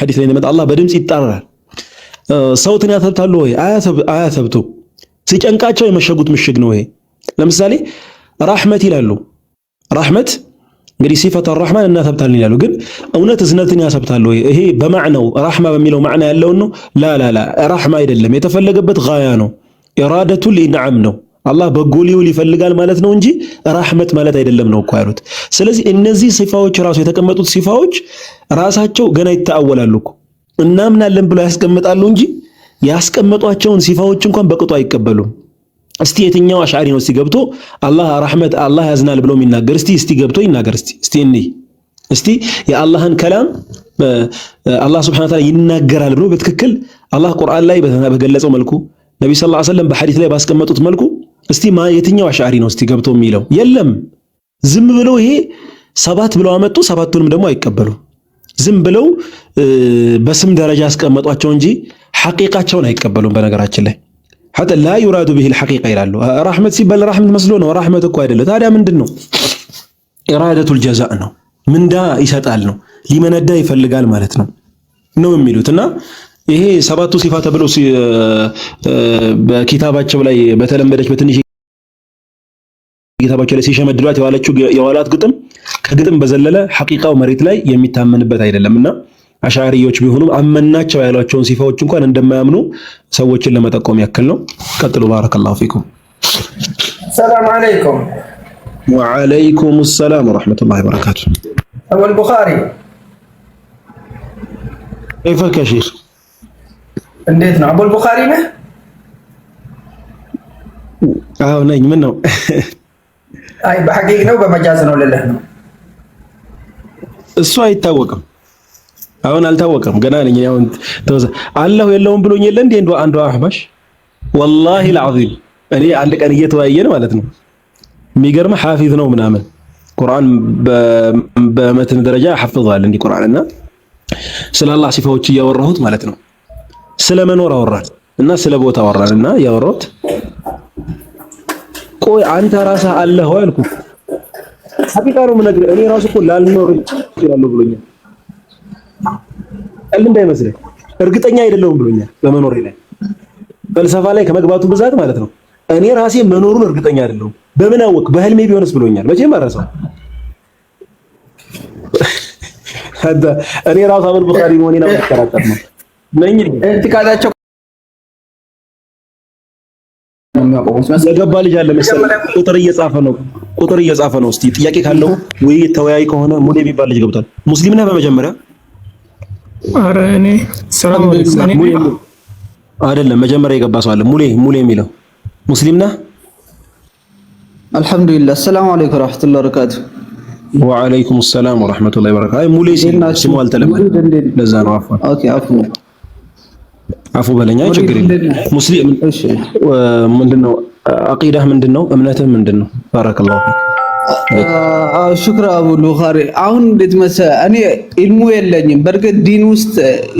ሐዲስ ላይ እንደመጣ አላህ በድምጽ ይጣራል። ሰውትን ያተብታሉ ወይ? አያተብቱ። ሲጨንቃቸው የመሸጉት ምሽግ ነው ይሄ። ለምሳሌ ራህመት ይላሉ። ራህመት እንግዲህ ሲፈተ ራህማን እናተብታለን ይላሉ። ግን እውነት እዝነትን ያሰብታሉ ወይ? ይሄ በማዕናው ራህማ በሚለው ማዕና ያለውን ነው። ላላላ ራህማ አይደለም። የተፈለገበት ጋያ ነው፣ ኢራደቱል ኢንዓም ነው አላህ በጎ ሊውል ይፈልጋል ማለት ነው እንጂ ራህመት ማለት አይደለም ነው እኮ ያሉት። ስለዚህ እነዚህ ሲፋዎች ራሱ የተቀመጡት ሲፋዎች ራሳቸው ገና ይታወላሉ እኮ እናምናለን ብለው ያስቀምጣሉ እንጂ ያስቀመጧቸውን ሲፋዎች እንኳን በቅጡ አይቀበሉም። እስቲ የትኛው አሽዓሪ ነው እስቲ ገብቶ አላህ ራህመት አላህ ያዝናል ብሎ የሚናገር እስቲ እስቲ ገብቶ ይናገር እስቲ እስቲ እንይ እስቲ የአላህን ከላም አላህ ሱብሓነሁ ወተዓላ ይናገራል ብሎ በትክክል አላህ ቁርአን ላይ በገለጸው መልኩ ነቢ ሰለላሁ ዐለይሂ ወሰለም በሐዲስ ላይ ባስቀመጡት መልኩ እስቲ የትኛው አሻሪ ነው እስቲ ገብቶ የሚለው የለም። ዝም ብለው ይሄ ሰባት ብለው አመጡ። ሰባቱንም ደግሞ አይቀበሉ። ዝም ብለው በስም ደረጃ አስቀመጧቸው እንጂ ሐቂቃቸውን አይቀበሉም። በነገራችን ላይ ሐታ ላ ዩራዱ ቢሂል ሐቂቃ ይላሉ። ራህመት ሲባል ራህመት መስሎ ነው። ራህመት እኮ አይደለ። ታዲያ ምንድን ነው? ኢራደቱል ጀዛእ ነው። ምንዳ ይሰጣል ነው። ሊመነዳ ይፈልጋል ማለት ነው ነው የሚሉት እና ይሄ ሰባቱ ሲፋ ተብሎ በኪታባቸው ላይ በተለመደች በትንሽ ጌታባቸው ላይ ሲሸመድሏት የዋለችው የዋላት ግጥም ከግጥም በዘለለ ሐቂቃው መሬት ላይ የሚታመንበት አይደለም እና አሻሪዎች ቢሆኑም አመናቸው ያሏቸውን ሲፋዎች እንኳን እንደማያምኑ ሰዎችን ለመጠቆም ያክል ነው። ቀጥሉ። ባረከላሁ ፊኩም። ሰላም አለይኩም። ወአለይኩም ሰላም ወራህመቱላሂ ወበረካቱ። አወል ቡኻሪ ከይፈ ከሺህ እንዴት ነው? አቡል ቡኻሪ ነህ? አዎ ነኝ። ምን ነው አይ በሐቂቅ ነው በመጃዝ ነው ልልህ ነው። እሱ አይታወቅም። አሁን አልታወቀም ገና ነኝ። አሁን ተወሰ አለሁ የለውም ብሎኝ የለ እንዴ እንዶ አንዶ አህባሽ ወላሂ አልዓዚም እኔ አንድ ቀን እየተወያየን ማለት ነው የሚገርም ሐፊዝ ነው ምናምን ቁርአን በመትን ደረጃ ሐፍዟል እንዴ ቁርአንና ስለ አላህ ሲፋዎች እያወራሁት ማለት ነው ስለ መኖር አወራን እና ስለ ቦታ አወራን እና ያወራሁት ቆይ አንተ ራስህ አለህ ወይ አልኩ። ሀቂቃ ነው የምነግርህ። እኔ ራሱ እኮ ላልኖር እችላለሁ ብሎኛል። ቀልድ እንዳይመስልህ እርግጠኛ አይደለሁም ብሎኛል። በመኖሬ ላይ ፈልሰፋ ላይ ከመግባቱ ብዛት ማለት ነው። እኔ ራሴ መኖሩን እርግጠኛ አይደለሁም። በምን አወቅ? በህልሜ ቢሆንስ ብሎኛል። መቼም አረሳው። እኔ ራሱ አበል ቡኻሪ መሆኔን ነው ነኝ እንትካታቸው የገባ ልጅ አለ መሰለኝ። ቁጥር እየጻፈ ነው፣ ቁጥር እየጻፈ ነው። እስቲ ጥያቄ ካለው ወይ ተወያይ ከሆነ ሙሌ የሚባል ልጅ ገብቷል። ሙስሊም ነህ በመጀመሪያ? እኔ አይደለም። መጀመሪያ የገባ ሰው አለ ሙሌ ሙሌ የሚለው ሙስሊም ነህ? አልሐምዱሊላህ። ሰላም አለይኩም ወራህመቱላሂ ወበረካቱ። ወአለይኩም ሰላም ወራህመቱላሂ ወበረካቱ። አይ ሙሌ ሲል ስሙ አልተለመደም፣ ለዛ ነው። አፍዋ ኦኬ፣ አፍዋ አፉ በለኛ ችግር የለም። ሙስሊም ምንድነው? አቂዳህ ምንድነው? እምነትህ ምንድነው? ባረከላሁ ሹክራ አቡ ሉኻሪ። አሁን እንዴት መሰ እኔ ኢልሙ የለኝም። በእርግጥ ዲን ውስጥ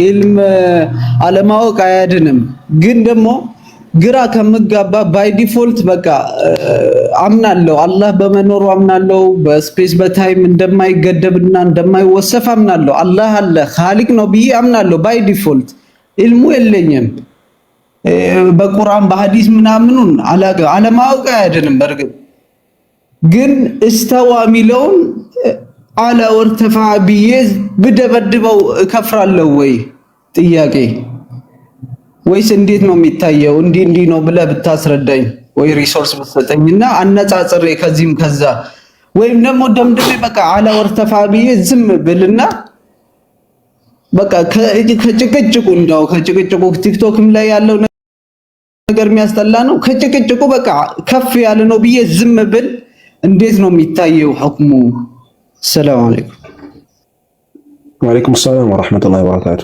ኢልም አለማወቅ አያድንም፣ ግን ደግሞ ግራ ከምጋባ ባይ ዲፎልት በቃ አምናለሁ። አላህ በመኖሩ አምናለሁ። በስፔስ በታይም እንደማይገደብና እንደማይወሰፍ አምናለሁ። አላህ አለ ኻሊቅ ነው ብዬ አምናለሁ ባይ ዲፎልት ኢልሙ የለኝም። በቁርአን በሐዲስ ምናምኑን አለማወቅ አያድንም። በእርግጥ ግን እስተዋ የሚለውን አለ ወርተፋ ብዬ ብደበድበው እከፍራለሁ ወይ ጥያቄ ወይስ እንዴት ነው የሚታየው? እንዲህ እንዲህ ነው ብለህ ብታስረዳኝ ወይ ሪሶርስ ብትሰጠኝና አነጻጽሬ ከዚህም ከዛ ወይም ደግሞ ደምድሜ በቃ አለ ወርተፋ ብዬ ዝም ብልና በቃ ከጭቅጭቁ እንዳው ከጭቅጭቁ ቲክቶክም ላይ ያለው ነገር የሚያስጠላ ነው። ከጭቅጭቁ በቃ ከፍ ያለ ነው ብዬ ዝም ብል እንዴት ነው የሚታየው ሐክሙ? ሰላም አለይኩም ወአለይኩም ሰላም ወራህመቱላሂ ወበረካቱ።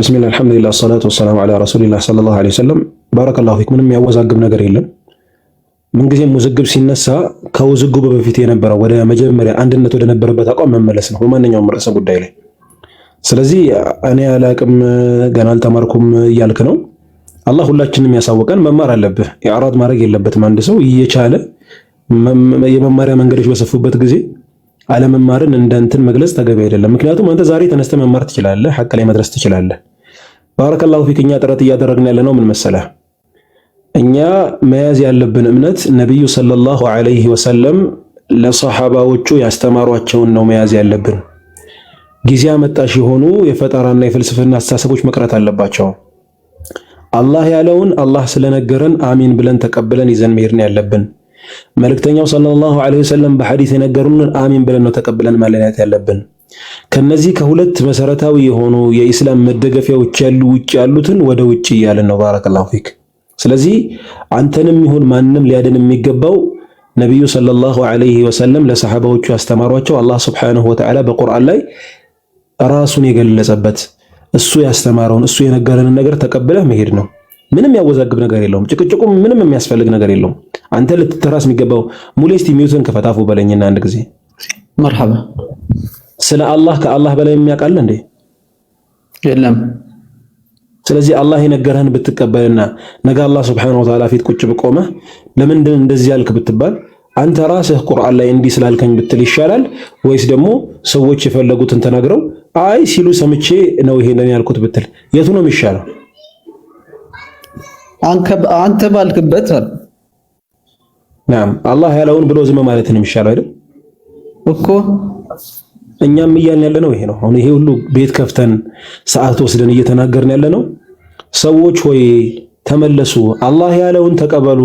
ቢስሚላህ አልሐምዱሊላህ ሰላቱ ወሰላሙ ዐላ ረሱሊላህ ሰለላሁ ዐለይሂ ወሰለም። ባረከላሁ ፊክ። ምንም ያወዛግብ ነገር የለም። ምንጊዜም ውዝግብ ሲነሳ ከውዝግቡ በፊት የነበረው ወደ መጀመሪያ አንድነት ወደ ነበረበት አቋም መመለስ ነው በማንኛውም ርዕሰ ጉዳይ ላይ ስለዚህ እኔ አላቅም ገና አልተማርኩም እያልክ ነው። አላህ ሁላችንም ያሳወቀን መማር አለብህ። የአራት ማድረግ የለበትም አንድ ሰው እየቻለ የመማሪያ መንገዶች በሰፉበት ጊዜ አለመማርን እንደንትን መግለጽ ተገቢ አይደለም። ምክንያቱም አንተ ዛሬ ተነስተ መማር ትችላለህ፣ ሀቅ ላይ መድረስ ትችላለህ። ባረከላሁ ፊክ። እኛ ጥረት እያደረግን ያለ ነው ምን መሰለህ፣ እኛ መያዝ ያለብን እምነት ነቢዩ ሰለላሁ ዐለይሂ ወሰለም ለሰሐባዎቹ ያስተማሯቸውን ነው መያዝ ያለብን ጊዜ አመጣሽ የሆኑ የፈጠራና የፍልስፍና አስተሳሰቦች መቅረት አለባቸው። አላህ ያለውን አላህ ስለነገረን አሚን ብለን ተቀብለን ይዘን መሄድን ያለብን። መልእክተኛው ሰለላሁ ዐለይሂ ወሰለም በሐዲስ የነገሩንን አሚን ብለን ነው ተቀብለን መለያየት ያለብን። ከነዚህ ከሁለት መሰረታዊ የሆኑ የኢስላም መደገፊያዎች ያሉ ውጭ ያሉትን ወደ ውጭ እያልን ነው። ባረከላሁ ፊክ። ስለዚህ አንተንም ይሁን ማንም ሊያድን የሚገባው ነቢዩ ሰለላሁ ዐለይሂ ወሰለም ለሰሐባዎቹ ያስተማሯቸው አላህ ሱብሓነሁ ወተዓላ በቁርአን ላይ ራሱን የገለጸበት እሱ ያስተማረውን እሱ የነገረንን ነገር ተቀብለህ መሄድ ነው። ምንም ያወዛግብ ነገር የለውም። ጭቅጭቁ ምንም የሚያስፈልግ ነገር የለውም። አንተ ልትተራስ የሚገባው ሙሌ እስቲ ሚውትን ከፈታፉ በለኝና አንድ ጊዜ መርሐባ። ስለ አላህ ከአላህ በላይ የሚያውቃል እንዴ? የለም። ስለዚህ አላህ የነገረህን ብትቀበልና ነገ አላህ ሱብሓነሁ ወተዓላ ፊት ቁጭ ብቆመህ ለምንድን እንደዚህ ያልክ ብትባል አንተ ራስህ ቁርአን ላይ እንዲህ ስላልከኝ ብትል ይሻላል ወይስ ደግሞ ሰዎች የፈለጉትን ተናግረው አይ ሲሉ ሰምቼ ነው ይሄንን ያልኩት ብትል የቱ ነው የሚሻለው? አንተ ባልክበት አለ። ናም አላህ ያለውን ብሎ ዝም ማለት ነው የሚሻለው አይደል እኮ። እኛም እያልን ያለ ነው ይሄ ነው። አሁን ይሄ ሁሉ ቤት ከፍተን ሰዓት ወስደን እየተናገርን ያለ ነው። ሰዎች ሆይ ተመለሱ፣ አላህ ያለውን ተቀበሉ